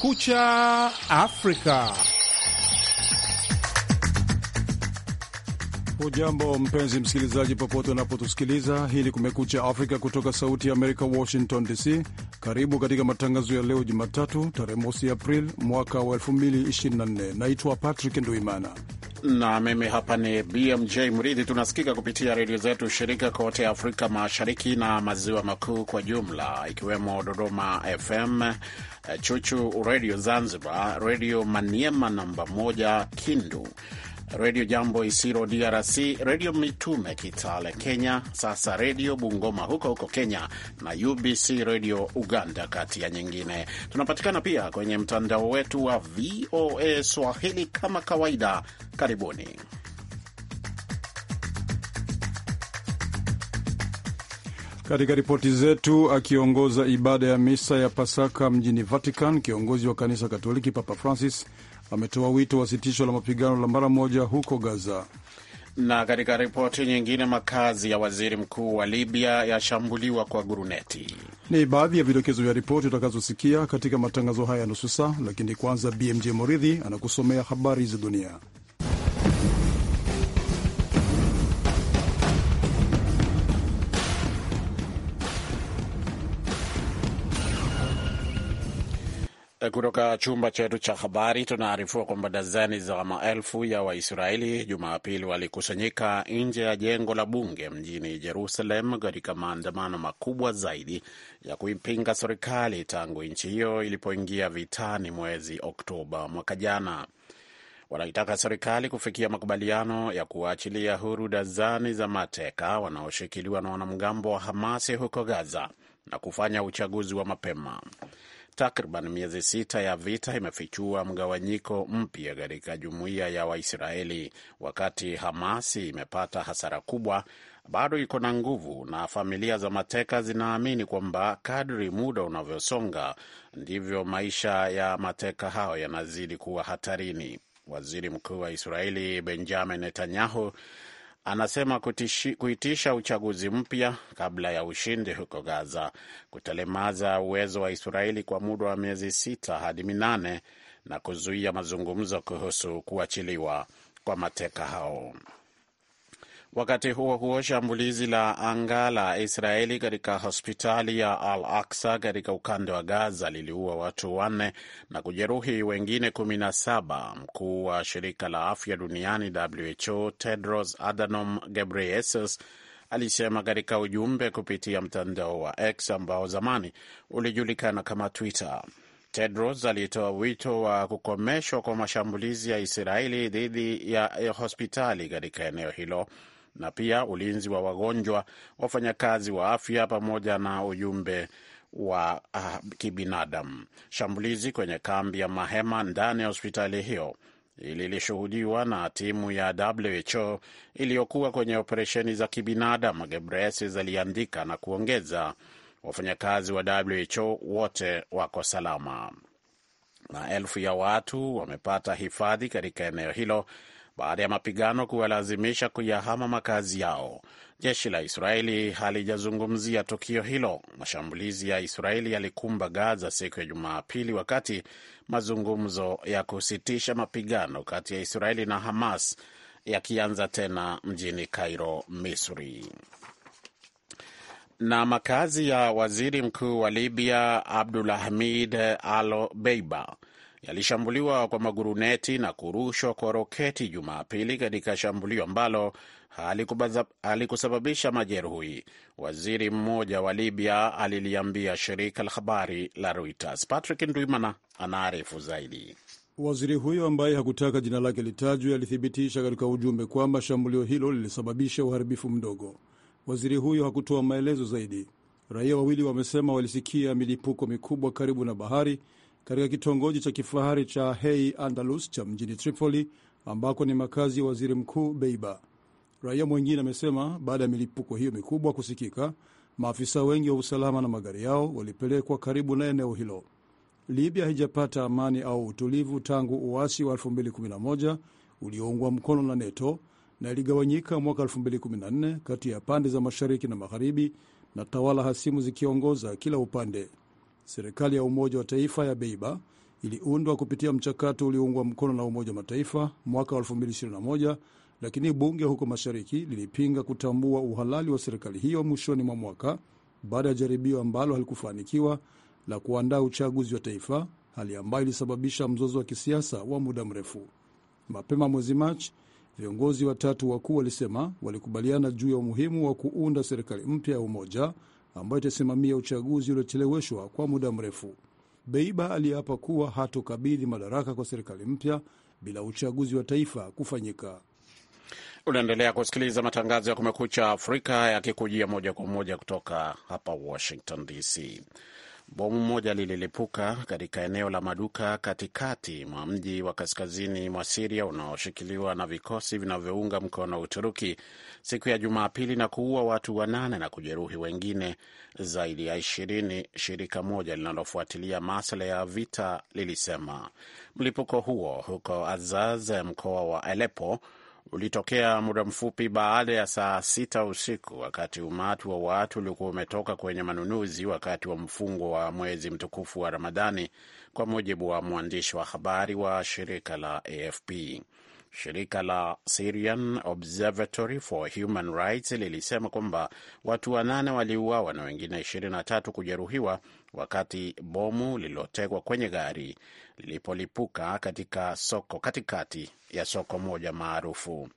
Kumekucha Afrika. Hujambo mpenzi msikilizaji, popote unapotusikiliza. Hii ni Kumekucha Afrika kutoka Sauti ya Amerika, Washington DC. Karibu katika matangazo ya leo Jumatatu, tarehe mosi April mwaka wa 2024. Naitwa Patrick Nduimana na mimi hapa ni BMJ Mridhi. Tunasikika kupitia redio zetu shirika kote Afrika Mashariki na Maziwa Makuu kwa jumla, ikiwemo Dodoma FM Eh, Chuchu Redio Zanzibar, Redio Maniema namba moja Kindu, Redio Jambo Isiro DRC, Redio Mitume Kitale Kenya, sasa Redio Bungoma huko huko Kenya na UBC Redio Uganda, kati ya nyingine. Tunapatikana pia kwenye mtandao wetu wa VOA Swahili kama kawaida. Karibuni. Katika ripoti zetu, akiongoza ibada ya misa ya Pasaka mjini Vatican, kiongozi wa kanisa Katoliki Papa Francis ametoa wito wa sitisho la mapigano la mara moja huko Gaza. Na katika ripoti nyingine, makazi ya waziri mkuu wa Libya yashambuliwa kwa guruneti. Ni baadhi ya vidokezo vya ripoti utakazosikia katika matangazo haya ya nusu saa, lakini kwanza, BMJ Moridhi anakusomea habari za dunia. Eh, kutoka chumba chetu cha habari tunaarifua kwamba dazani za maelfu ya Waisraeli Jumapili walikusanyika nje ya jengo la bunge mjini Jerusalem katika maandamano makubwa zaidi ya kuipinga serikali tangu nchi hiyo ilipoingia vitani mwezi Oktoba mwaka jana. Wanaitaka serikali kufikia makubaliano ya kuwaachilia huru dazani za mateka wanaoshikiliwa na wanamgambo wa Hamasi huko Gaza na kufanya uchaguzi wa mapema. Takriban miezi sita ya vita imefichua mgawanyiko mpya katika jumuiya ya Waisraeli. Wakati Hamasi imepata hasara kubwa, bado iko na nguvu, na familia za mateka zinaamini kwamba kadri muda unavyosonga ndivyo maisha ya mateka hao yanazidi kuwa hatarini. Waziri Mkuu wa Israeli Benjamin Netanyahu anasema kutishi, kuitisha uchaguzi mpya kabla ya ushindi huko Gaza kutelemaza uwezo wa Israeli kwa muda wa miezi sita hadi minane na kuzuia mazungumzo kuhusu kuachiliwa kwa mateka hao. Wakati huo huo, shambulizi la anga la Israeli katika hospitali ya Al Aksa katika ukanda wa Gaza liliua watu wanne na kujeruhi wengine kumi na saba. Mkuu wa shirika la afya duniani WHO Tedros Adhanom Ghebreyesus alisema katika ujumbe kupitia mtandao wa X ambao zamani ulijulikana kama Twitter. Tedros alitoa wito wa kukomeshwa kwa mashambulizi ya Israeli dhidi ya hospitali katika eneo hilo na pia ulinzi wa wagonjwa, wafanyakazi wa afya pamoja na ujumbe wa uh, kibinadamu. Shambulizi kwenye kambi ya mahema ndani ya hospitali hiyo lilishuhudiwa na timu ya WHO iliyokuwa kwenye operesheni za kibinadamu, Gebreyesus aliandika na kuongeza, wafanyakazi wa WHO wote wako salama. Maelfu ya watu wamepata hifadhi katika eneo hilo baada ya mapigano kuwalazimisha kuyahama makazi yao. Jeshi la Israeli halijazungumzia tukio hilo. Mashambulizi ya Israeli yalikumba Gaza siku ya Jumapili, wakati mazungumzo ya kusitisha mapigano kati ya Israeli na Hamas yakianza tena mjini Cairo, Misri. Na makazi ya waziri mkuu wa Libya Abdul Hamid Al Beiba yalishambuliwa kwa maguruneti na kurushwa kwa roketi Jumapili katika shambulio ambalo halikusababisha majeruhi, waziri mmoja wa Libya aliliambia shirika la habari la Reuters. Patrick Ndwimana anaarifu zaidi. Waziri huyo ambaye hakutaka jina lake litajwe alithibitisha katika ujumbe kwamba shambulio hilo lilisababisha uharibifu mdogo. Waziri huyo hakutoa maelezo zaidi. Raia wawili wamesema walisikia milipuko mikubwa karibu na bahari katika kitongoji cha kifahari cha Hey Andalus cha mjini Tripoli ambako ni makazi ya waziri mkuu Beiba. Raia mwengine amesema baada ya milipuko hiyo mikubwa kusikika, maafisa wengi wa usalama na magari yao walipelekwa karibu na eneo hilo. Libya haijapata amani au utulivu tangu uasi wa 2011 ulioungwa mkono na NATO na iligawanyika mwaka 2014 kati ya pande za mashariki na magharibi na tawala hasimu zikiongoza kila upande. Serikali ya Umoja wa Taifa ya Beiba iliundwa kupitia mchakato ulioungwa mkono na Umoja wa Mataifa mwaka 2021 lakini bunge huko mashariki lilipinga kutambua uhalali wa serikali hiyo mwishoni mwa mwaka baada ya jaribio ambalo halikufanikiwa la kuandaa uchaguzi wa taifa, hali ambayo ilisababisha mzozo wa kisiasa wa muda mrefu. Mapema mwezi Machi, viongozi watatu wakuu walisema walikubaliana juu ya umuhimu wa kuunda serikali mpya ya umoja ambayo itasimamia uchaguzi uliocheleweshwa kwa muda mrefu. Beiba aliyeapa kuwa hatokabidhi madaraka kwa serikali mpya bila uchaguzi wa taifa kufanyika. Unaendelea kusikiliza matangazo ya Kumekucha Afrika yakikujia moja kwa moja kutoka hapa Washington DC. Bomu moja lililipuka katika eneo la maduka katikati mwa mji wa kaskazini mwa Siria unaoshikiliwa na vikosi vinavyounga mkono Uturuki siku ya Jumapili na kuua watu wanane na kujeruhi wengine zaidi ya ishirini, shirika moja linalofuatilia masuala ya vita lilisema. Mlipuko huo huko Azaz, mkoa wa Aleppo, ulitokea muda mfupi baada ya saa sita usiku, wakati umati wa watu uliokuwa umetoka kwenye manunuzi wakati wa mfungo wa mwezi mtukufu wa Ramadhani, kwa mujibu wa mwandishi wa habari wa shirika la AFP. Shirika la Syrian Observatory for Human Rights lilisema kwamba watu wanane waliuawa na wengine 23 kujeruhiwa wakati bomu lililotegwa kwenye gari lilipolipuka katika soko katikati ya soko moja maarufu.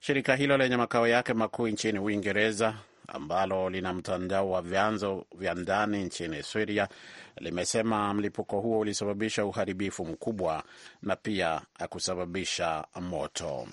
Shirika hilo lenye makao yake makuu nchini Uingereza ambalo lina mtandao wa vyanzo vya ndani nchini Siria limesema mlipuko huo ulisababisha uharibifu mkubwa na pia kusababisha moto.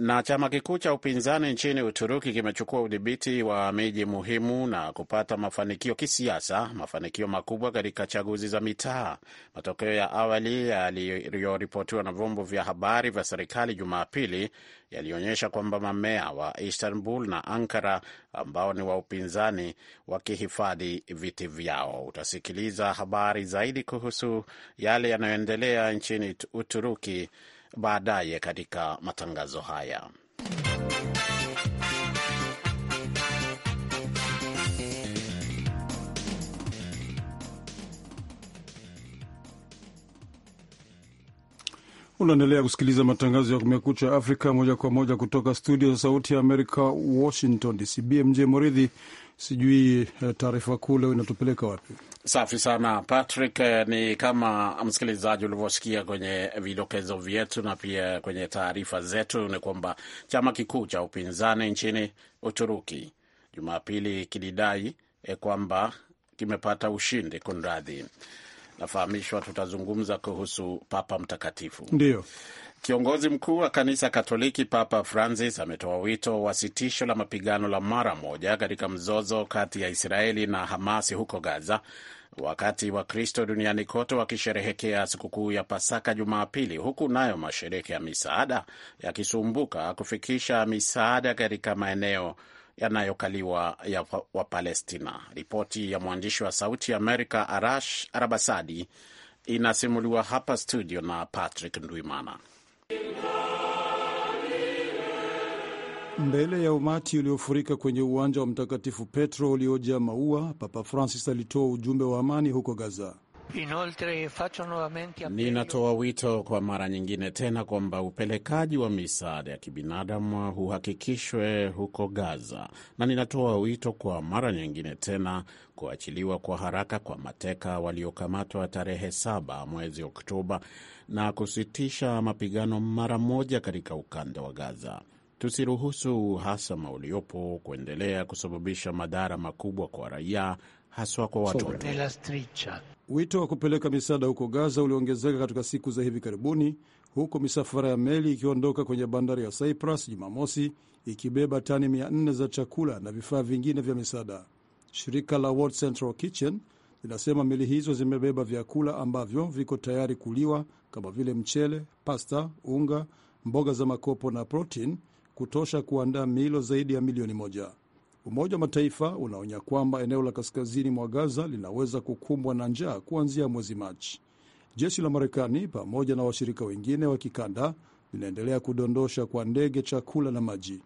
Na chama kikuu cha upinzani nchini Uturuki kimechukua udhibiti wa miji muhimu na kupata mafanikio kisiasa, mafanikio makubwa katika chaguzi za mitaa. Matokeo ya awali yaliyoripotiwa na vyombo vya habari vya serikali Jumapili yalionyesha kwamba mamea wa Istanbul na Ankara ambao ni wa upinzani wakihifadhi viti vyao. Utasikiliza habari zaidi kuhusu yale yanayoendelea nchini Uturuki baadaye katika matangazo haya. Unaendelea kusikiliza matangazo ya Kumekucha Afrika moja kwa moja kutoka studio za Sauti ya Amerika, Washington DC. BMJ Moridhi sijui eh, taarifa kuu leo inatupeleka wapi? Safi sana Patrick. Eh, ni kama msikilizaji ulivyosikia kwenye vidokezo vyetu na pia kwenye taarifa zetu, ni kwamba chama kikuu cha upinzani nchini Uturuki Jumapili kilidai e kwamba kimepata ushindi. Kunradhi, nafahamishwa tutazungumza kuhusu Papa Mtakatifu, ndio Kiongozi mkuu wa kanisa Katoliki Papa Francis ametoa wito wa sitisho la mapigano la mara moja katika mzozo kati ya Israeli na Hamasi huko Gaza, wakati Wakristo duniani kote wakisherehekea sikukuu ya Pasaka Jumapili, huku nayo mashirika ya misaada yakisumbuka kufikisha misaada katika maeneo yanayokaliwa ya Wapalestina. Ripoti ya mwandishi wa Sauti ya Amerika Arash Arabasadi inasimuliwa hapa studio na Patrick Ndwimana. Mbele ya umati uliofurika kwenye uwanja wa Mtakatifu Petro uliojaa maua, Papa Francis alitoa ujumbe wa amani huko Gaza. Ninatoa wito kwa mara nyingine tena kwamba upelekaji wa misaada ya kibinadamu uhakikishwe huko Gaza, na ninatoa wito kwa mara nyingine tena kuachiliwa kwa haraka kwa mateka waliokamatwa tarehe saba mwezi Oktoba na kusitisha mapigano mara moja katika ukanda wa Gaza. Tusiruhusu uhasama uliopo kuendelea kusababisha madhara makubwa kwa raia haswa kwa watoto. Wito wa kupeleka misaada huko Gaza uliongezeka katika siku za hivi karibuni, huku misafara ya meli ikiondoka kwenye bandari ya Cyprus Jumamosi ikibeba tani 400 za chakula na vifaa vingine vya misaada. Shirika la World Central Kitchen linasema meli hizo zimebeba vyakula ambavyo viko tayari kuliwa kama vile mchele, pasta, unga, mboga za makopo na protein kutosha kuandaa milo zaidi ya milioni moja. Umoja wa Mataifa unaonya kwamba eneo la kaskazini mwa Gaza linaweza kukumbwa na njaa kuanzia mwezi Machi. Jeshi la Marekani pamoja na washirika wengine wa kikanda linaendelea kudondosha kwa ndege chakula na maji,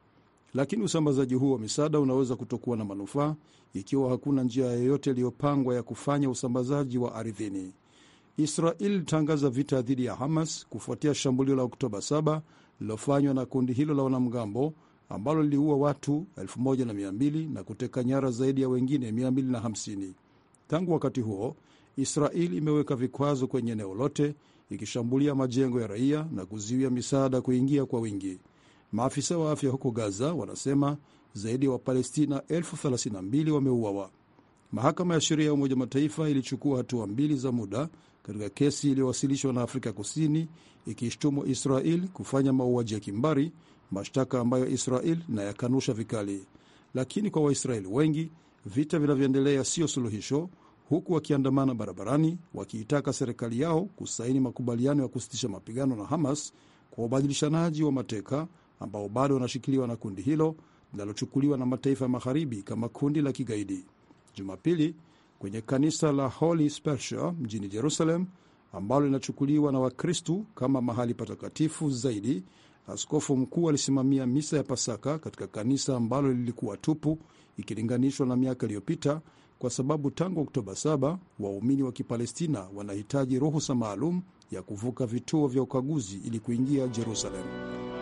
lakini usambazaji huu wa misaada unaweza kutokuwa na manufaa ikiwa hakuna njia yoyote iliyopangwa ya kufanya usambazaji wa ardhini. Israel ilitangaza vita dhidi ya Hamas kufuatia shambulio la Oktoba 7 lililofanywa na kundi hilo la wanamgambo ambalo liliua watu 1200 na kuteka nyara zaidi ya wengine 250. Tangu wakati huo, israel imeweka vikwazo kwenye eneo lote, ikishambulia majengo ya raia na kuzuia misaada kuingia kwa wingi. Maafisa wa afya huko Gaza wanasema zaidi ya wa Wapalestina 32 wameuawa. Mahakama ya Sheria ya Umoja Mataifa ilichukua hatua mbili za muda katika kesi iliyowasilishwa na Afrika Kusini ikishtumu Israel kufanya mauaji ya kimbari mashtaka ambayo Israel nayakanusha vikali. Lakini kwa Waisraeli wengi vita vinavyoendelea siyo suluhisho, huku wakiandamana barabarani wakiitaka serikali yao kusaini makubaliano ya kusitisha mapigano na Hamas kwa ubadilishanaji wa mateka ambao bado wanashikiliwa na kundi hilo linalochukuliwa na mataifa ya magharibi kama kundi la kigaidi. Jumapili kwenye kanisa la Holy Spersha mjini Jerusalem ambalo linachukuliwa na Wakristu kama mahali patakatifu zaidi Askofu mkuu alisimamia misa ya Pasaka katika kanisa ambalo lilikuwa tupu ikilinganishwa na miaka iliyopita, kwa sababu tangu Oktoba 7 waumini wa Kipalestina wanahitaji ruhusa maalum ya kuvuka vituo vya ukaguzi ili kuingia Jerusalemu.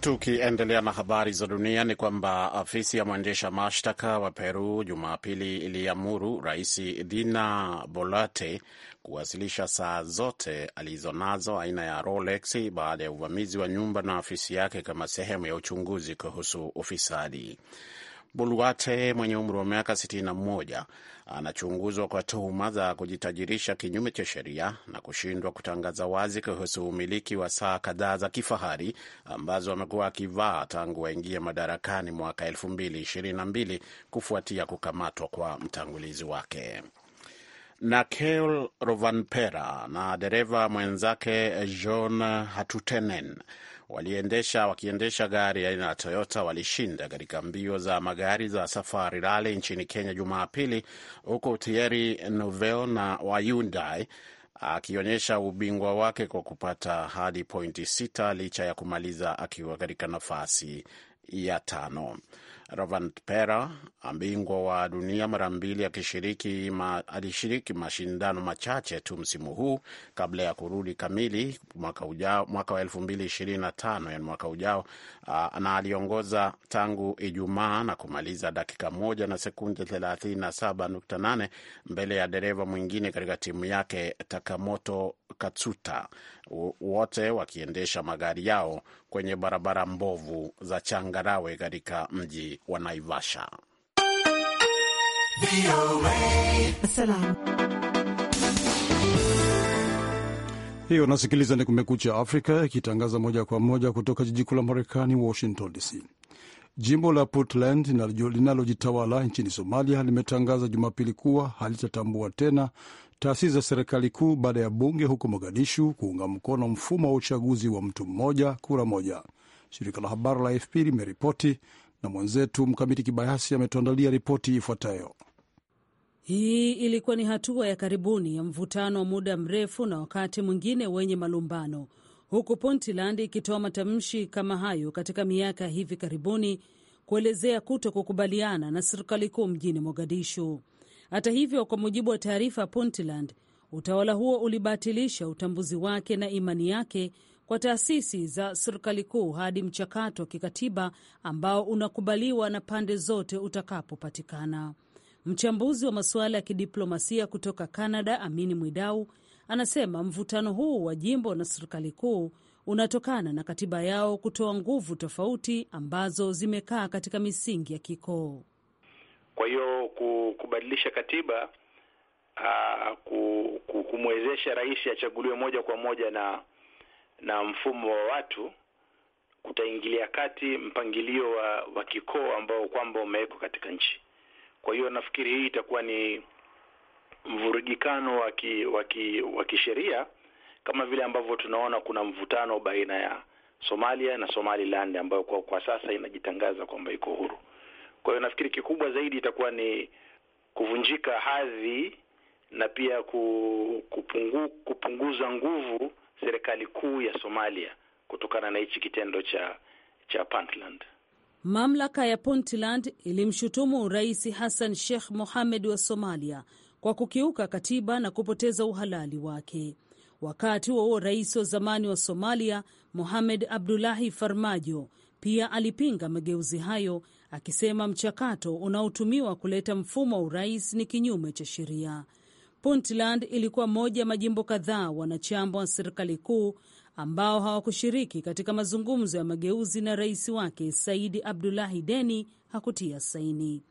Tukiendelea na habari za dunia ni kwamba afisi ya mwendesha mashtaka wa Peru Jumapili iliamuru Rais Dina Bolate kuwasilisha saa zote alizonazo aina ya Rolex baada ya uvamizi wa nyumba na afisi yake kama sehemu ya uchunguzi kuhusu ufisadi. Boluarte mwenye umri wa miaka 61 anachunguzwa kwa tuhuma za kujitajirisha kinyume cha sheria na kushindwa kutangaza wazi kuhusu umiliki wa saa kadhaa za kifahari ambazo amekuwa akivaa tangu waingie madarakani mwaka 2022 kufuatia kukamatwa kwa mtangulizi wake. Nakheel Rovanpera na dereva mwenzake John Hatutenen waliendesha wakiendesha gari aina ya Toyota walishinda katika mbio za magari za Safari rali nchini Kenya Jumapili, huku Thierry Neuville na wa Hyundai akionyesha ubingwa wake kwa kupata hadi pointi sita licha ya kumaliza akiwa katika nafasi ya tano. Rovanpera, bingwa wa dunia mara mbili, akishiriki ma, alishiriki mashindano machache tu msimu huu kabla ya kurudi kamili mwaka ujao, mwaka wa tano yani mwaka ujao, na aliongoza tangu Ijumaa na kumaliza dakika moja na sekunde nane mbele ya dereva mwingine katika timu yake Takamoto Katsuta, wote wakiendesha magari yao kwenye barabara mbovu za changarawe katika mji wa Naivasha. Hiyo unasikiliza ni Kumekucha Afrika ikitangaza moja kwa moja kutoka jiji kuu la Marekani, Washington DC. Jimbo la Puntland linalojitawala nchini Somalia limetangaza Jumapili kuwa halitatambua tena taasisi za serikali kuu baada ya bunge huko Mogadishu kuunga mkono mfumo wa uchaguzi wa mtu mmoja kura moja. Shirika la habari la AFP limeripoti na mwenzetu Mkamiti Kibayasi ametuandalia ripoti ifuatayo. Hii ilikuwa ni hatua ya karibuni ya mvutano wa muda mrefu na wakati mwingine wenye malumbano, huku Puntland ikitoa matamshi kama hayo katika miaka ya hivi karibuni kuelezea kuto kukubaliana na serikali kuu mjini Mogadishu. Hata hivyo, kwa mujibu wa taarifa ya Puntland, utawala huo ulibatilisha utambuzi wake na imani yake kwa taasisi za serikali kuu hadi mchakato wa kikatiba ambao unakubaliwa na pande zote utakapopatikana. Mchambuzi wa masuala ya kidiplomasia kutoka Canada, Amini Mwidau, anasema mvutano huu wa jimbo na serikali kuu unatokana na katiba yao kutoa nguvu tofauti ambazo zimekaa katika misingi ya kikoo. Kwa hiyo kubadilisha katiba aa, kumwezesha rais achaguliwe moja kwa moja na na mfumo wa watu kutaingilia kati mpangilio wa, wa kikoo ambao kwamba umewekwa katika nchi. Kwa hiyo nafikiri hii itakuwa ni mvurugikano wa kisheria kama vile ambavyo tunaona kuna mvutano baina ya Somalia na Somaliland ambayo kwa, kwa sasa inajitangaza kwamba iko huru. Kwa hiyo nafikiri kikubwa zaidi itakuwa ni kuvunjika hadhi na pia kupungu, kupunguza nguvu serikali kuu ya Somalia kutokana na hichi kitendo cha cha Puntland. Mamlaka ya Puntland ilimshutumu Rais Hassan Sheikh Mohamed wa Somalia kwa kukiuka katiba na kupoteza uhalali wake. Wakati huo huo, rais wa zamani wa Somalia Mohamed Abdullahi Farmajo pia alipinga mageuzi hayo akisema mchakato unaotumiwa kuleta mfumo wa urais ni kinyume cha sheria. Puntland ilikuwa moja ya majimbo kadhaa wanachama wa serikali kuu ambao hawakushiriki katika mazungumzo ya mageuzi na rais wake Saidi Abdulahi Deni hakutia saini.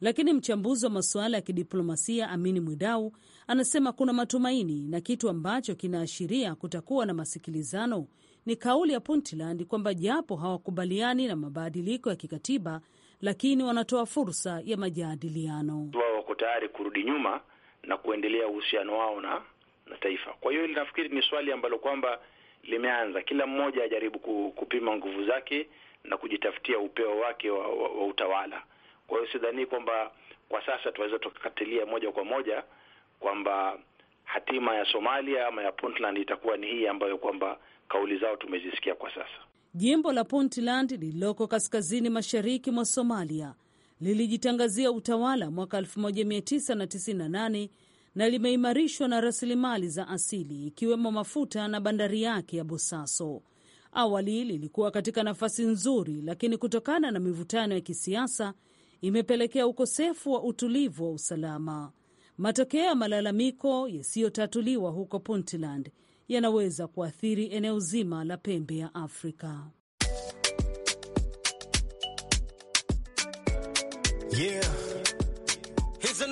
Lakini mchambuzi wa masuala ya kidiplomasia Amini Mwidau anasema kuna matumaini na kitu ambacho kinaashiria kutakuwa na masikilizano ni kauli ya Puntland kwamba japo hawakubaliani na mabadiliko ya kikatiba, lakini wanatoa fursa ya majadiliano. Wao wako tayari kurudi nyuma na kuendelea uhusiano wao na na taifa. Kwa hiyo nafikiri ni swali ambalo kwamba limeanza, kila mmoja ajaribu kupima nguvu zake na kujitafutia upeo wake wa, wa, wa utawala. Kwa hiyo sidhani kwamba kwa sasa tunaweza tukakatilia moja kwa moja kwamba hatima ya Somalia ama ya Puntland itakuwa ni hii ambayo kwamba kauli zao tumezisikia kwa sasa. Jimbo la Puntland lililoko kaskazini mashariki mwa Somalia lilijitangazia utawala mwaka 1998 na limeimarishwa na rasilimali za asili ikiwemo mafuta na bandari yake ya Bosaso. Awali lilikuwa katika nafasi nzuri, lakini kutokana na mivutano ya kisiasa imepelekea ukosefu wa utulivu wa usalama. Matokeo ya malalamiko yasiyotatuliwa huko Puntland yanaweza kuathiri eneo zima la pembe ya Afrika. Yeah. Here's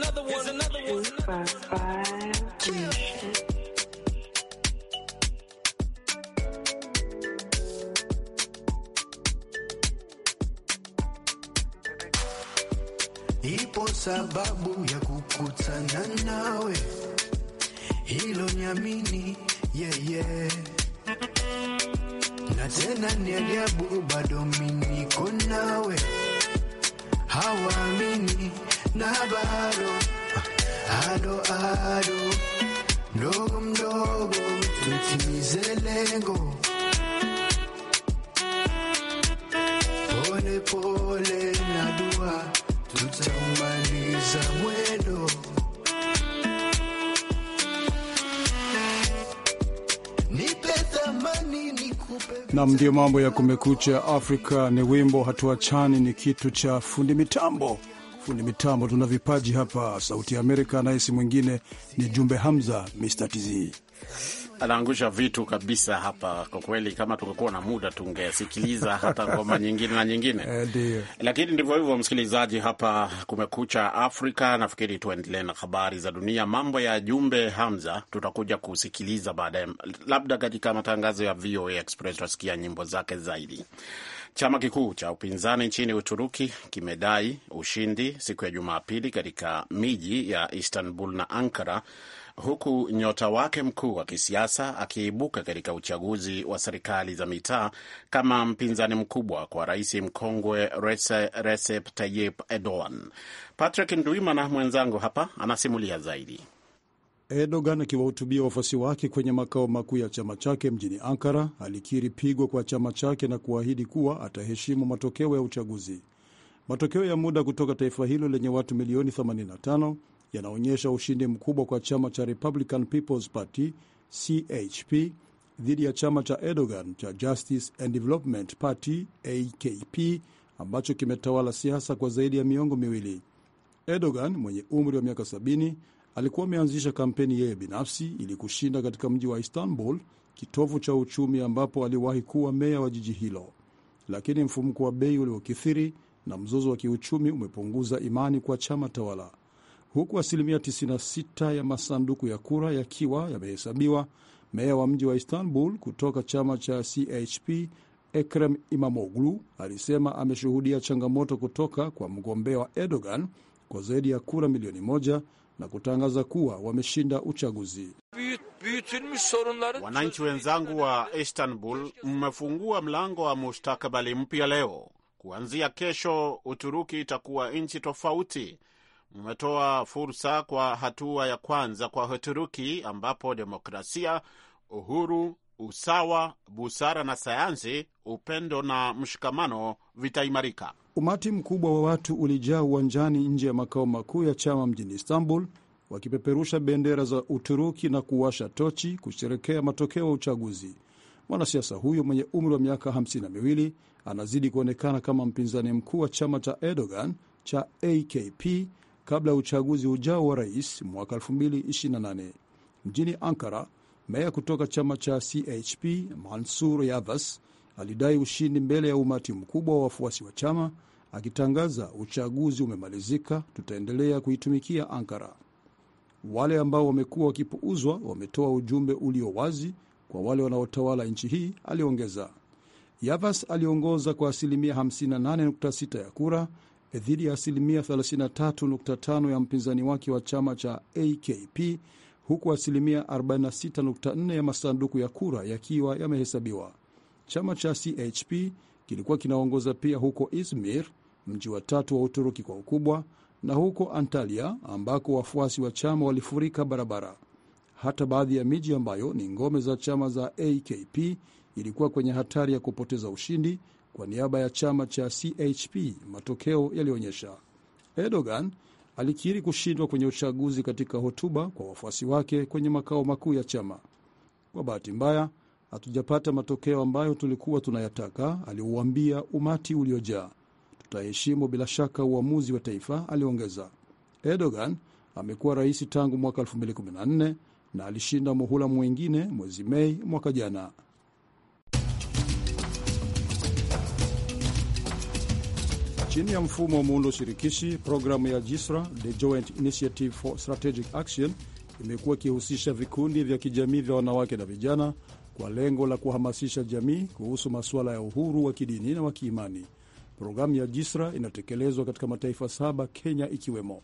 Ipo sababu ya kukutana nawe, hilo nyamini yeah, yeah. Na tena ni ajabu bado mimi niko nawe, hawaamini na bado ado ado, mdogo mdogo tutimize lengo Nam, ndiyo mambo ya Kumekucha Afrika. Ni wimbo hatuachani, ni kitu cha fundi mitambo. Fundi mitambo, tuna vipaji hapa Sauti ya Amerika, naye si mwingine ni Jumbe Hamza, Mr TZ anaangusha vitu kabisa hapa. Kwa kweli, kama tungekuwa na muda tungesikiliza hata ngoma nyingine na nyingine e, lakini ndivyo hivyo, msikilizaji. Hapa Kumekucha Afrika, nafikiri tuendelee na habari za dunia. Mambo ya Jumbe Hamza tutakuja kusikiliza baadaye, labda katika matangazo ya VOA Express tutasikia nyimbo zake zaidi. Chama kikuu cha upinzani nchini Uturuki kimedai ushindi siku ya Jumapili katika miji ya Istanbul na Ankara huku nyota wake mkuu wa kisiasa akiibuka katika uchaguzi wa serikali za mitaa kama mpinzani mkubwa kwa rais mkongwe Recep Tayyip Erdogan. Patrick Ndwimana mwenzangu hapa anasimulia zaidi. Erdogan akiwahutubia wafuasi wake kwenye makao makuu ya chama chake mjini Ankara alikiri pigwa kwa chama chake na kuahidi kuwa ataheshimu matokeo ya uchaguzi. Matokeo ya muda kutoka taifa hilo lenye watu milioni yanaonyesha ushindi mkubwa kwa chama cha Republican People's Party CHP dhidi ya chama cha Erdogan cha Justice and Development Party AKP ambacho kimetawala siasa kwa zaidi ya miongo miwili. Erdogan mwenye umri wa miaka 70 alikuwa ameanzisha kampeni yeye binafsi ili kushinda katika mji wa Istanbul, kitovu cha uchumi ambapo aliwahi kuwa meya wa jiji hilo, lakini mfumuko wa bei uliokithiri na mzozo wa kiuchumi umepunguza imani kwa chama tawala huku asilimia 96 ya masanduku ya kura yakiwa yamehesabiwa. Meya wa mji wa Istanbul kutoka chama cha CHP Ekrem Imamoglu alisema ameshuhudia changamoto kutoka kwa mgombea wa Erdogan kwa zaidi ya kura milioni moja na kutangaza kuwa wameshinda uchaguzi. Wananchi wenzangu wa Istanbul, mmefungua mlango wa mustakabali mpya leo. Kuanzia kesho, Uturuki itakuwa nchi tofauti umetoa fursa kwa hatua ya kwanza kwa Uturuki ambapo demokrasia, uhuru, usawa, busara na sayansi, upendo na mshikamano vitaimarika. Umati mkubwa wa watu ulijaa uwanjani nje ya makao makuu ya chama mjini Istanbul wakipeperusha bendera za Uturuki na kuwasha tochi kusherekea matokeo ya uchaguzi. Mwanasiasa huyo mwenye umri wa miaka hamsini na miwili anazidi kuonekana kama mpinzani mkuu wa chama cha Erdogan cha AKP kabla ya uchaguzi ujao wa rais mwaka 2028. Mjini Ankara, meya kutoka chama cha CHP Mansur Yavas alidai ushindi mbele ya umati mkubwa wa wafuasi wa chama akitangaza, uchaguzi umemalizika, tutaendelea kuitumikia Ankara. Wale ambao wamekuwa wakipuuzwa wametoa ujumbe ulio wazi kwa wale wanaotawala nchi hii, aliongeza. Yavas aliongoza kwa asilimia 58.6 ya kura dhidi ya asilimia 33.5 ya mpinzani wake wa chama cha AKP, huku asilimia 46.4 ya masanduku ya kura yakiwa yamehesabiwa. Chama cha CHP kilikuwa kinaongoza pia huko Izmir, mji wa tatu wa Uturuki kwa ukubwa, na huko Antalya ambako wafuasi wa chama walifurika barabara. Hata baadhi ya miji ambayo ni ngome za chama za AKP ilikuwa kwenye hatari ya kupoteza ushindi kwa niaba ya chama cha CHP, matokeo yalionyesha Erdogan alikiri kushindwa kwenye uchaguzi katika hotuba kwa wafuasi wake kwenye makao makuu ya chama. Kwa bahati mbaya, hatujapata matokeo ambayo tulikuwa tunayataka, aliuambia umati uliojaa. Tutaheshimu bila shaka uamuzi wa taifa, aliongeza. Erdogan amekuwa rais tangu mwaka 2014 na alishinda muhula mwingine mwezi Mei mwaka jana. Chini ya mfumo wa muundo shirikishi, programu ya JISRA, The Joint Initiative for Strategic Action, imekuwa ikihusisha vikundi vya kijamii vya wanawake na vijana kwa lengo la kuhamasisha jamii kuhusu masuala ya uhuru wa kidini na wa kiimani. Programu ya JISRA inatekelezwa katika mataifa saba, Kenya ikiwemo.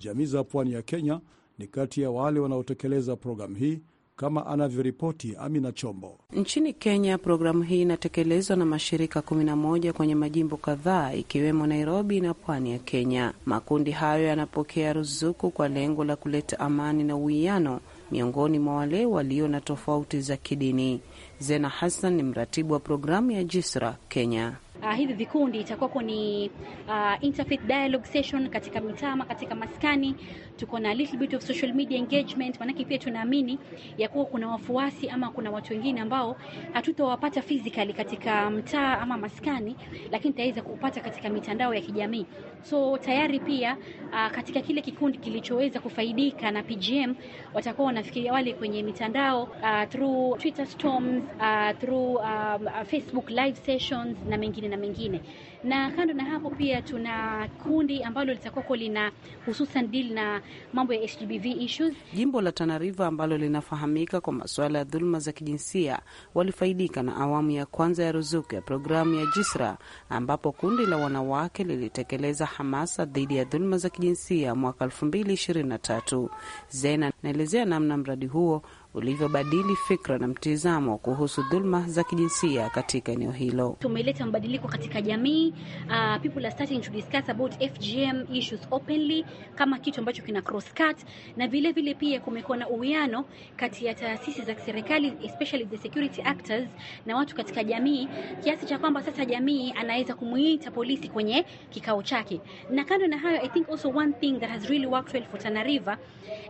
Jamii za pwani ya Kenya ni kati ya wale wanaotekeleza programu hii kama anavyoripoti Amina Chombo. Nchini Kenya, programu hii inatekelezwa na mashirika 11 kwenye majimbo kadhaa ikiwemo Nairobi na pwani ya Kenya. Makundi hayo yanapokea ruzuku kwa lengo la kuleta amani na uwiano miongoni mwa wale walio na tofauti za kidini. Zena Hassan ni mratibu wa programu ya Jisra Kenya. Uh, hivi vikundi itakuwako ni uh, interfaith dialogue session katika mitama, katika maskani. Tuko na little bit of social media engagement, manake pia tunaamini ya kuwa kuna wafuasi ama kuna watu wengine ambao hatutawapata physically katika mtaa ama maskani, lakini tutaweza kupata katika mitandao ya kijamii. So tayari pia uh, katika kile kikundi kilichoweza kufaidika na PGM watakuwa wanafikiria wale kwenye mitandao uh, through Twitter storms uh, through um, uh, Facebook live sessions na mengine na mengine. Na kando na hapo pia tuna kundi ambalo litakuwako lina hususan deal na mambo ya SGBV issues. Jimbo la Tana River ambalo linafahamika kwa masuala ya dhuluma za kijinsia walifaidika na awamu ya kwanza ya ruzuku ya programu ya Jisra ambapo kundi la wanawake lilitekeleza hamasa dhidi ya dhuluma za kijinsia mwaka 2023. Zena naelezea namna mradi huo ulivyobadili fikra na mtizamo kuhusu dhuluma za kijinsia katika eneo hilo. Tumeleta mabadiliko katika jamii Uh, people are starting to discuss about FGM issues openly kama kitu ambacho kina cross cut, na vile vile pia kumekuwa na uwiano kati ya taasisi za serikali especially the security actors na watu katika jamii, kiasi cha kwamba sasa jamii anaweza kumuita polisi kwenye kikao chake. Na kando na hayo, I think also one thing that has really worked well for Tana River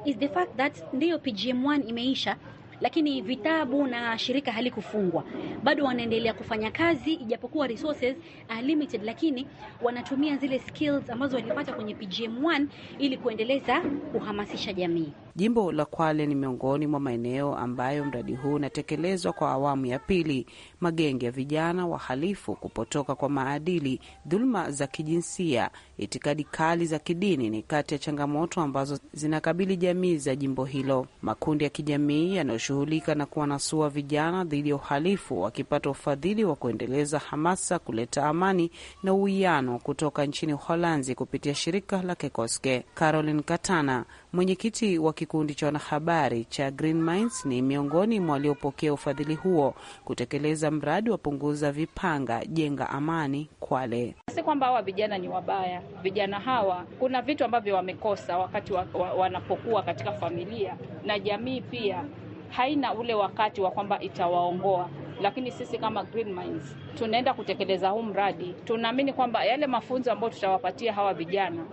is the fact that ndio PGM1 imeisha lakini vitabu na shirika halikufungwa, bado wanaendelea kufanya kazi, ijapokuwa resources are limited, lakini wanatumia zile skills ambazo walipata kwenye PGM1 ili kuendeleza kuhamasisha jamii. Jimbo la Kwale ni miongoni mwa maeneo ambayo mradi huu unatekelezwa kwa awamu ya pili. Magenge ya vijana wahalifu, kupotoka kwa maadili, dhuluma za kijinsia, itikadi kali za kidini ni kati ya changamoto ambazo zinakabili jamii za jimbo hilo. Makundi ya kijamii yanayo kushughulika na kuwanasua vijana dhidi ya uhalifu wakipata ufadhili wa kuendeleza hamasa kuleta amani na uwiano kutoka nchini Uholanzi kupitia shirika la Kekoske. Caroline Katana, mwenyekiti wa kikundi cha wanahabari cha Green Minds, ni miongoni mwa waliopokea ufadhili huo kutekeleza mradi wa punguza vipanga jenga amani Kwale. Si kwamba hawa vijana ni wabaya, vijana hawa kuna vitu ambavyo wamekosa wakati wa, wa, wanapokuwa katika familia na jamii pia haina ule wakati wa kwamba itawaongoa lakini sisi kama Green Minds tunaenda kutekeleza huu mradi. Tunaamini kwamba yale mafunzo ambayo tutawapatia hawa vijana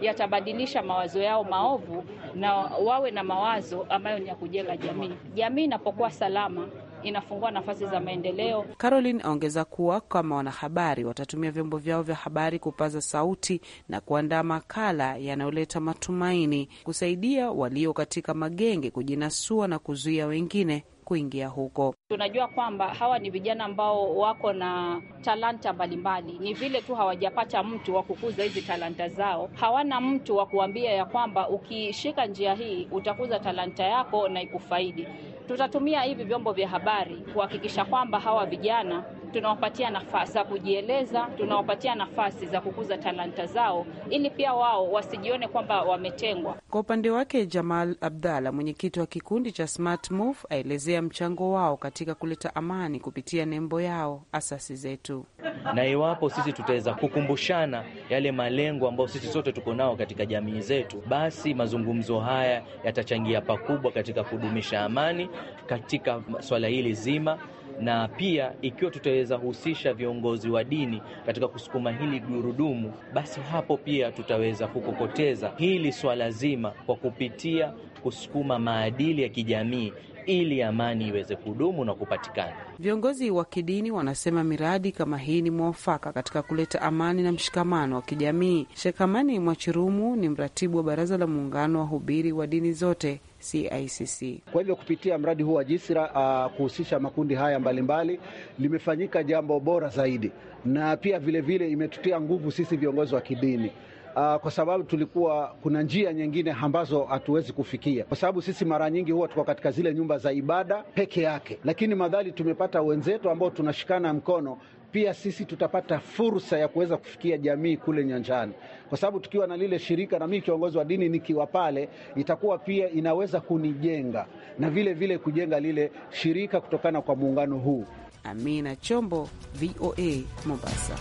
yatabadilisha mawazo yao maovu na wawe na mawazo ambayo ni ya kujenga jamii. Jamii inapokuwa salama, inafungua nafasi za maendeleo. Caroline aongeza kuwa kama wanahabari watatumia vyombo vyao vya habari kupaza sauti na kuandaa makala yanayoleta matumaini, kusaidia walio katika magenge kujinasua na kuzuia wengine kuingia huko. Tunajua kwamba hawa ni vijana ambao wako na talanta mbalimbali, ni vile tu hawajapata mtu wa kukuza hizi talanta zao. Hawana mtu wa kuambia ya kwamba ukishika njia hii utakuza talanta yako na ikufaidi. Tutatumia hivi vyombo vya habari kuhakikisha kwamba hawa vijana tunawapatia nafasi za kujieleza, tunawapatia nafasi za kukuza talanta zao ili pia wao wasijione kwamba wametengwa. Kwa upande wake, Jamal Abdalla, mwenyekiti wa kikundi cha Smart Move, aelezea mchango wao katika kuleta amani kupitia nembo yao asasi zetu, na iwapo sisi tutaweza kukumbushana yale malengo ambayo sisi sote tuko nao katika jamii zetu, basi mazungumzo haya yatachangia pakubwa katika kudumisha amani katika swala hili zima na pia ikiwa tutaweza husisha viongozi wa dini katika kusukuma hili gurudumu, basi hapo pia tutaweza kukokoteza hili swala zima kwa kupitia kusukuma maadili ya kijamii ili amani iweze kudumu na kupatikana. Viongozi wa kidini wanasema miradi kama hii ni mwafaka katika kuleta amani na mshikamano wa kijamii. Shekamani Mwachirumu ni mratibu wa Baraza la Muungano wa Hubiri wa Dini Zote CICC. Kwa hivyo kupitia mradi huu wa Jisira uh, kuhusisha makundi haya mbalimbali mbali, limefanyika jambo bora zaidi na pia vilevile vile imetutia nguvu sisi viongozi wa kidini. Uh, kwa sababu tulikuwa kuna njia nyingine ambazo hatuwezi kufikia, kwa sababu sisi mara nyingi huwa tuko katika zile nyumba za ibada peke yake, lakini madhali tumepata wenzetu ambao tunashikana mkono, pia sisi tutapata fursa ya kuweza kufikia jamii kule nyanjani, kwa sababu tukiwa na lile shirika na mimi kiongozi wa dini nikiwa pale, itakuwa pia inaweza kunijenga na vile vile kujenga lile shirika kutokana kwa muungano huu. Amina Chombo, VOA Mombasa.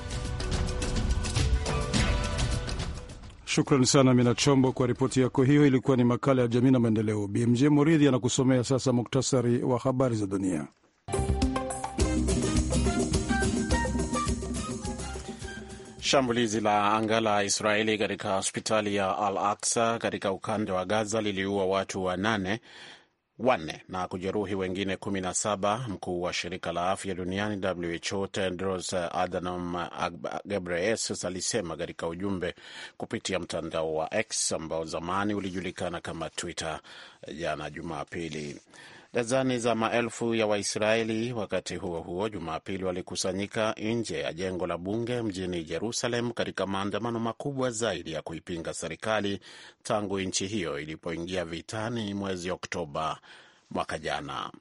Shukrani sana Amina Chombo kwa ripoti yako hiyo. Ilikuwa ni makala ya jamii na maendeleo. BMJ moridhi anakusomea sasa muktasari wa habari za dunia. Shambulizi la anga la Israeli katika hospitali ya Al Aksa katika ukanda wa Gaza liliua watu wanane wanne na kujeruhi wengine 17. Mkuu wa shirika la afya duniani WHO Tedros Adhanom Ghebreyesus alisema katika ujumbe kupitia mtandao wa X ambao zamani ulijulikana kama Twitter jana Jumapili. Dazani za maelfu ya Waisraeli wakati huo huo Jumapili walikusanyika nje ya jengo la bunge mjini Jerusalem katika maandamano makubwa zaidi ya kuipinga serikali tangu nchi hiyo ilipoingia vitani mwezi Oktoba mwaka jana.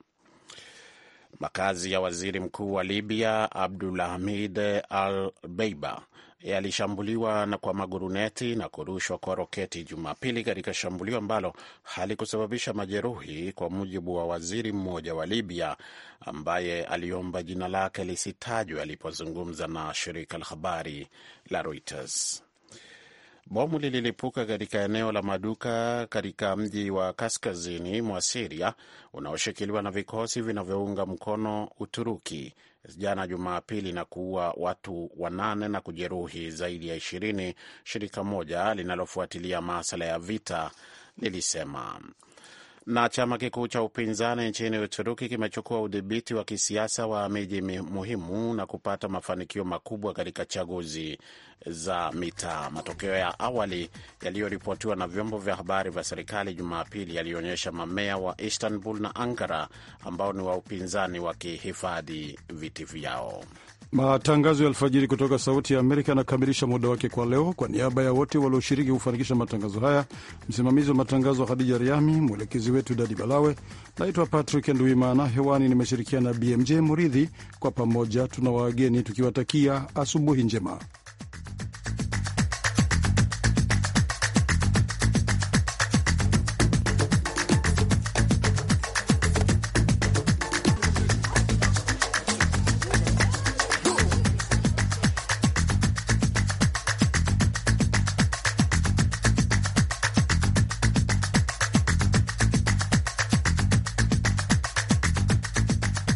Makazi ya waziri mkuu wa Libya Abdulhamid Al Beiba yalishambuliwa na kwa maguruneti na kurushwa kwa roketi Jumapili katika shambulio ambalo halikusababisha majeruhi, kwa mujibu wa waziri mmoja wa Libya ambaye aliomba jina lake lisitajwe alipozungumza na shirika la habari la Reuters. Bomu lililipuka katika eneo la maduka katika mji wa kaskazini mwa Siria unaoshikiliwa na vikosi vinavyounga mkono Uturuki jana Jumapili na kuua watu wanane na kujeruhi zaidi ya ishirini, shirika moja linalofuatilia masuala ya vita lilisema. Na chama kikuu cha upinzani nchini Uturuki kimechukua udhibiti wa kisiasa wa miji muhimu na kupata mafanikio makubwa katika chaguzi za mitaa. Matokeo ya awali yaliyoripotiwa na vyombo vya habari vya serikali Jumapili yalionyesha mamea wa Istanbul na Ankara ambao ni wa upinzani wakihifadhi viti vyao. Matangazo ya alfajiri kutoka Sauti ya Amerika yanakamilisha muda wake kwa leo. Kwa niaba ya wote walioshiriki kufanikisha matangazo haya, msimamizi wa matangazo Khadija Riami, mwelekezi wetu Dadi Balawe. Naitwa Patrick Nduimana, hewani nimeshirikiana na BMJ Muridhi. Kwa pamoja tuna wageni tukiwatakia asubuhi njema.